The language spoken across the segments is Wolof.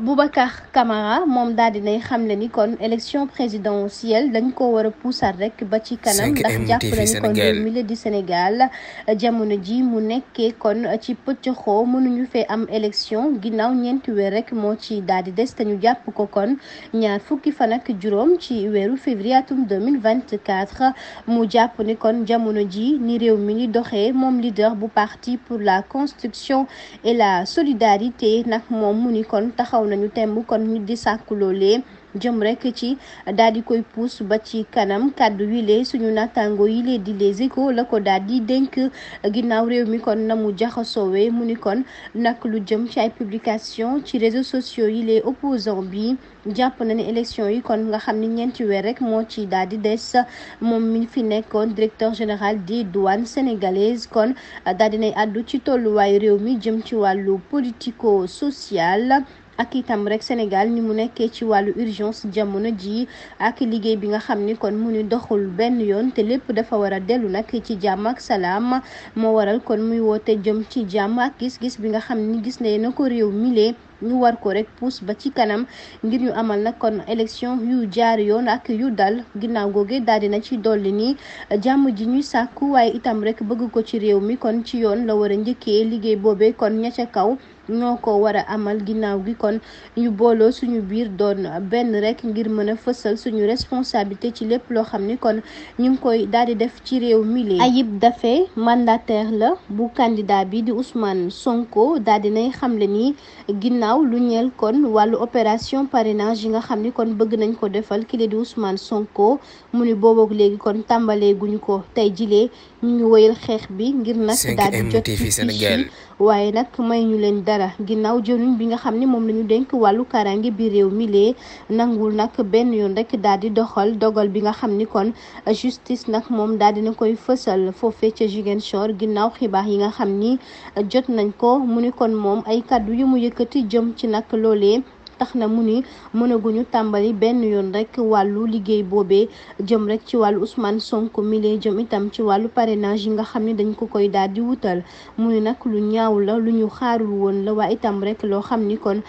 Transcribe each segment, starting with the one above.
Boubacar Camara moom daal dinay xamle ni kon élection présidentielle dañ ko war a puusar rek ba ci kanam ndax jàppale ni kon réew Sénégal jamono ji mu nekkee kon ci pëccëxoo mënuñu fee am élection ginnaaw ñeenti weer rek moo ci daal di des te ñu jàpp ko kon ñaar fukki fan ak juróom ci weeru février atum 2024 mu jàpp ni kon jamono ji ni réew mi ni doxee moom leader bu parti pour la construction et la solidarité nag moom mu kon taxaw taxaw nañu temb kon ñu di sàkku loolee jëm rek ci daal di koy puus ba ci kanam kàddu wile suñu nattaango yi lee di les échos la ko daal di dénk ginnaaw réew mi kon na mu jaxasoowe mu ni kon nag lu jëm ci ay publication ci réseaux sociaux yi les opposants bi jàpp na ne élection yi kon nga xam ni ñeenti weer rek moo ci daal di des moom mi fi nekkoon directeur général di douanes sénégalaises kon daal dinay àddu ci tolluwaayu réew mi jëm ci wàllu politico social ak itam rek Sénégal ni mu nekkee ci wàllu urgence jamono ji ak liggéey bi nga xam ni kon mu ni doxul benn yoon te lépp dafa war a dellu nag ci jàmm ak salaam moo waral kon muy woote jëm ci jàmm ak gis-gis bi nga xam ni gis nañ na ko réew milee ñu war ko rek pousse ba ci kanam ngir ñu amal nag kon élection yu jaar yoon ak yu dal ginnaaw googe daal dina ci dolli nii jàmm ji ñuy sàkku waaye itam rek bëgg ko ci réew mi kon ci yoon la war a njëkkee liggéey boobee kon ña ca kaw ñoo ko war a amal ginnaaw gi kon ñu booloo suñu biir doon benn rek ngir mën a fësal suñu responsabilité ci lépp loo xam ni kon ñu ngi koy daal di def ci réew mi lee Ayib Daffé mandataire la bu candidat bi di Ousmane Sonko daal dinay naw lu ñeel kon wàllu opération parrainage yi nga xam ni kon bëgg nañ ko defal kii di Ousmane Sonko mu ni boobook léegi kon tàmbalee guñu ko tey jilee ñu ngi woyal xeex bi ngir nag daal di jot ci waaye nag may ñu leen dara ginnaaw jëriñ bi nga xam ni moom la ñu dénk wàllu karange bi réew mi lee nangul nag benn yoon rek daal di doxal dogal bi nga xam ni kon justice nag moom daal dina koy fësal foofee ca Ziguinchor ginnaaw xibaar yi nga xam ni jot nañ ko mu ni kon moom ay kàddu yu mu yëkkati jëm ci nag loolee tax na mu ni mënaguñu tàmbali benn yoon rek wàllu liggéey boobee jëm rek ci wàllu usman sonk mile lay jëm itam ci wàllu parrainage yi nga xam ne dañ ko koy daal di wutal mu ni nag lu ñaaw la lu ñu xaarul woon la waaye itam rek loo xam ni kon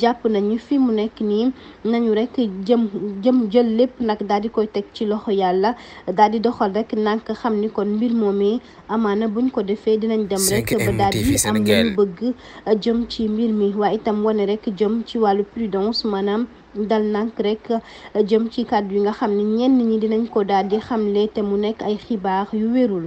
jàpp nañu fi mu nekk nii nañu rek jëm jëm jël lépp nag daal di koy teg ci loxo yàlla daal di doxal rek nànk xam ni kon mbir moomee amaana buñ ko defee dinañ dem rek ba daal am lu bëgg jëm ci mbir donc maanaam dal nank rek jëm ci kàddu yi nga xam ne ñenn ñi dinañ ko daal di xamle te mu nekk ay xibaar yu wérul